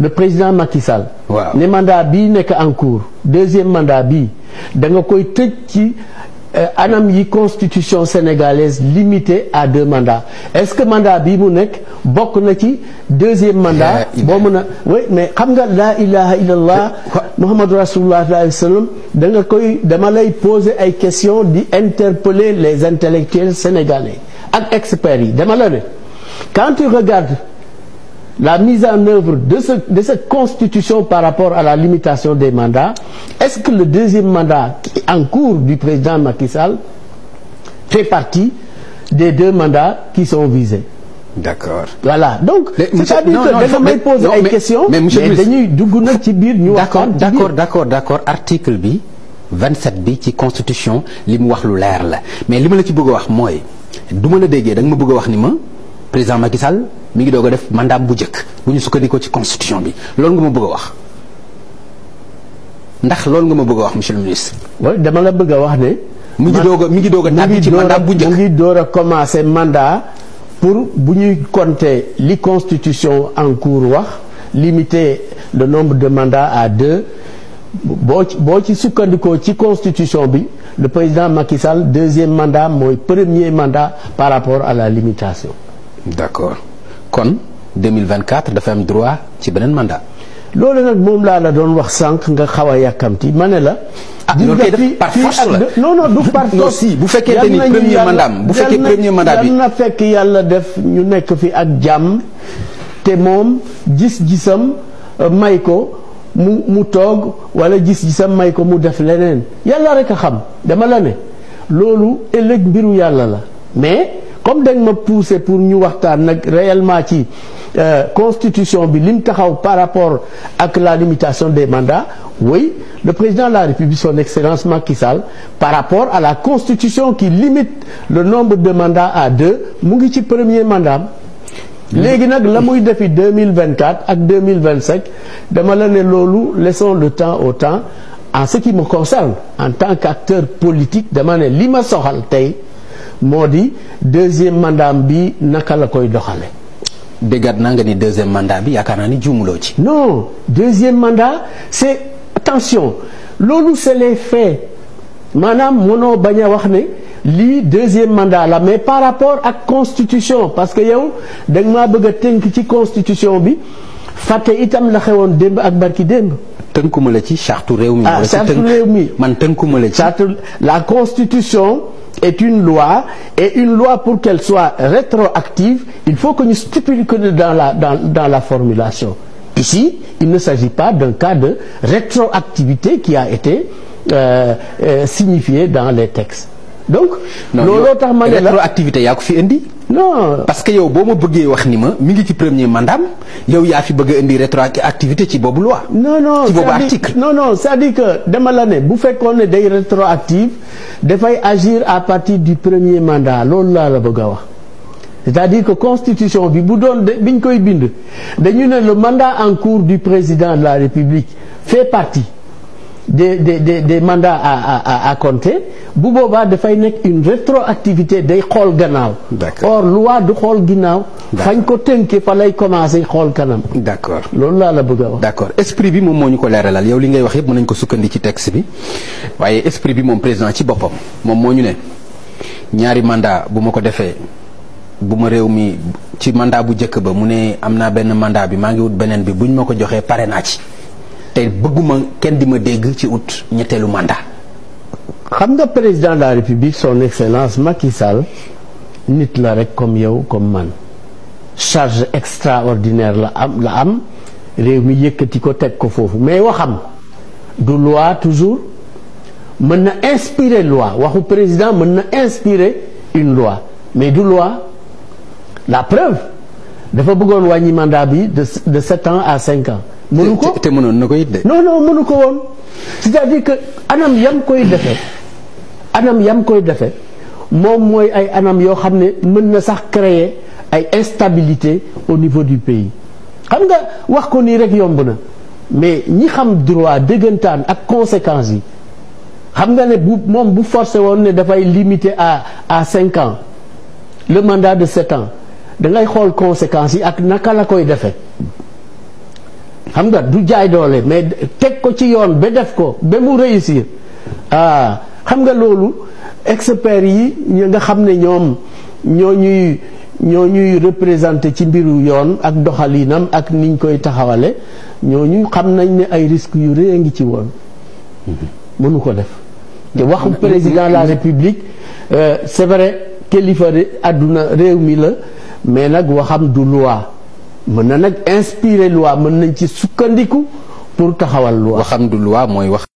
le président Macky Sall. waaw ne mandat bii nekk en cours deuxième mandat bi da nga koy qui ci euh, anam yi constitution sénégalaise limitée à deux mandats est-ce que mandat bi mu nek bokk na ci deuxième mandat. bo mën oui mais xam nga la ilaha illallah. Muhammadu rasulullah alayhi wasallam da nga koy dama lay poser ay questions di interpeller les intellectuels sénégalais ak experts yi dama la quand tu regardes la mise en œuvre de, ce, de cette constitution par rapport à la limitation des mandats, est-ce que le deuxième mandat en cours du président Macky Sall fait partie des deux mandats qui sont visés D'accord. Voilà. Donc, c'est-à-dire que je me poser une question mais ci biir d'accord d'accord d'accord article B, 27 bi ci constitution li wax mais li ma la ci bëgg a wax le la président Macky Sall mi ngi def mandaam bu njëkk buñu ñu sukkandikoo ci constitution bi loolu nga ma bëgg a wax ndax loolu nga ma bëgg wax monsieur le ministre. waaw dama la bëgg a wax ne. mi ngi doog a mi ci mandat bu njëkk mu ngi mandat pour bu ñuy compter li constitution en cours wax limiter le nombre de mandats à deux bo ci boo ci sukkandikoo ci constitution bi le président Macky Sall deuxième mandat mooy premier mandat par rapport à la limitation. d'accord. kon 2024 dafa am droit ci beneen mandat. loolu nag moom laa la doon wax sànq nga xaw a yàkkamti ma ne la. ah loolu kay def par force la non non du par force. non si bu fekkee ni premier mandat bu fekkee premier mandat bi na fekk yàlla def ñu nekk fi ak jàmm te moom gis-gisam euh, may ko mu mu toog wala gis-gisam may ko mu def leneen yàlla rekk a xam dama la ne loolu ëllëg mbiru yàlla la comme dañ ma poussé pour ñu waxtaan nak réellement ci euh, constitution bi lim par rapport à la limitation des mandats oui le président de la République son excellence Macky Sall par rapport à la constitution qui limite le nombre de mandats à deux mu ngi ci premier mandat Légui nak la muy defi 2024 ak 2025 dama la né lolu laissons le temps au temps en ce qui me concerne en tant qu'acteur politique dama né lima soxal tay modi deuxième mandat bi naka la koy doxale déggaat naa nga ni deuxième mandat bi yaakaar ni juumuloo ci. non deuxième mandat c'est attention loolu c'est les faits manam mono bañ wax ni li deuxième mandat la mais par rapport à constitution parce que yow dag ma beug teunk ci constitution bi faté itam la xewon demb ak barki demb teunkuma la ci charte rewmi ah man teunkuma la charte la constitution est une loi, et une loi pour qu'elle soit rétroactive, il faut que nous stipulions dans la, dans, la formulation. Ici, il ne s'agit pas d'un cas de rétroactivité qui a été euh, euh, signifié dans les textes. Donc, rétroactivité non parce que yow bon ma un premier mandat il y fi a rétroactivité ci boobu loi. non non ci non non c'est-à-dire que dama l'année, vous bu qu'on des day de faut agir à partir du premier mandat c'est-à-dire que la constitution le mandat en cours du président de la République fait partie. des des des des mandats a à à compter bu boobaa dafay nekk une rétroactivité day xool gannaaw. or loi du xool ginnaaw. fañ ko tënkee fa lay commencé xool kanam. d' accord loolu laa la bëgg a wax. d' accord esprit bi moom moo ñu ko leeralal yow li ngay wax yëpp mën nañ ko sukkandi ci texte bi waaye esprit bi moom président ci boppam moom moo ñu ne ñaari mandat bu ma ko defee. bu ma réew mi ci mandat bu njëkk ba mu ne am naa benn mandat bi maa ngi wut beneen bi buñ ma ko joxee pare naa ci. te bëgguma di ma ci mandat. xam nga président de la république son excellence Macky Sall nit la rek comme yow comme man charge extraordinaire la am la am rew mi yëkkati ko tek ko fofu mais waxam du loi toujours mën inspiré inspirer loi waxu président mën inspiré inspirer une loi mais du loi la preuve dafa bëggoon wañi mandat bi de de sept ans à cinq ans mënu ko te monon na ko de. non non monuko won c'est-à-dire que anam yam koy defé anam yam koy defé mom moy ay anam yo xamné ne na sax créer ay instabilité au niveau du pays xam nga wax ko ni rek yomb na mais ñi xam droit dëggantaan ak conséquences yi xam nga né bu mom bu forcé won né da fay limiter à à 5 ans le mandat de 7 ans da ngay xol conséquences yi ak naka la koy defé xam nga du jaay doole mais teg ko ci yoon ba def ko ba mu réussir ah xam nga loolu experts yi ñu nga xam ne ñoom ñoo ñuy ñoo ñuy représenté ci mbiru yoon ak doxalinam ak niñ koy taxawale ñu xam nañ ne ay risques yu rëy a ngi ci woon mënu ko def te waxu président de la république euh, c'est vrai kilifa àdduna réew mi la mais nag waxam du loi mën na nag inspiré luwaa mën nañ ci sukkandiku pour taxawal loi. waxandu loi mooy wax.